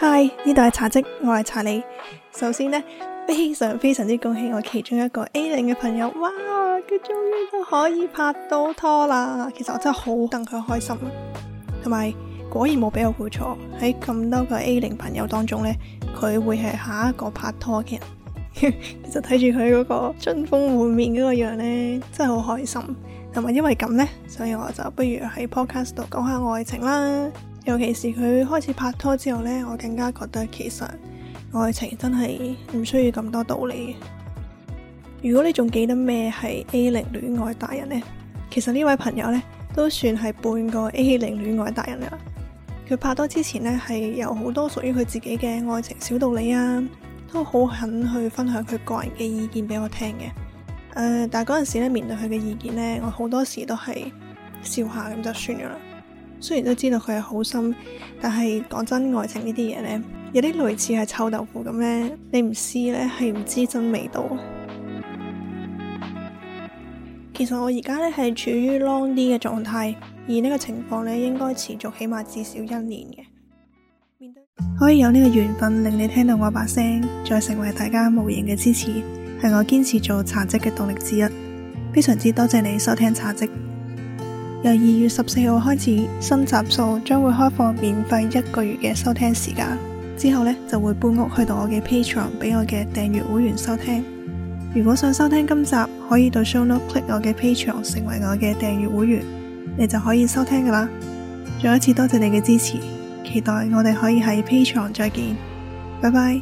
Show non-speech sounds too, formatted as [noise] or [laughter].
Hi，呢度係茶嘖，我係查理。首先呢，非常非常之恭喜我其中一個 A 零嘅朋友，哇，佢終於都可以拍到拖啦！其實我真係好替佢開心啊。同埋，果然冇俾我估錯，喺咁多個 A 零朋友當中呢，佢會係下一個拍拖嘅人。 [laughs] 其實睇住佢嗰個春風滿面嗰個樣呢，真係好開心。同埋因為咁呢，所以我就不如喺 podcast 度講下愛情啦。尤其是佢開始拍拖之後呢，我更加覺得其實愛情真係唔需要咁多道理。如果你仲記得咩係 A 零戀愛達人呢？其實呢位朋友呢，都算係半個 A 零戀愛達人啦。佢拍拖之前呢，係有好多屬於佢自己嘅愛情小道理啊，都好肯去分享佢個人嘅意見俾我聽嘅。誒、呃，但係嗰陣時咧，面對佢嘅意見呢，我好多時都係笑下咁就算咗啦。雖然都知道佢係好心，但係講真，愛情呢啲嘢呢，有啲類似係臭豆腐咁呢，你唔試呢，係唔知真味道。其實我而家呢，係處於 long 啲嘅狀態，而呢個情況呢，應該持續起碼至少一年嘅。可以有呢個緣分令你聽到我把聲，再成為大家無形嘅支持，係我堅持做茶嘖嘅動力之一。非常之多謝你收聽茶嘖。由二月十四號開始，新集數將會開放免費一個月嘅收聽時間，之後呢，就會搬屋去到我嘅 Patreon 俾我嘅訂閱會員收聽。如果想收聽今集，可以到 show note click 我嘅 Patreon 成為我嘅訂閱會員，你就可以收聽噶啦。再一次多謝你嘅支持，期待我哋可以喺 Patreon 再見，拜拜。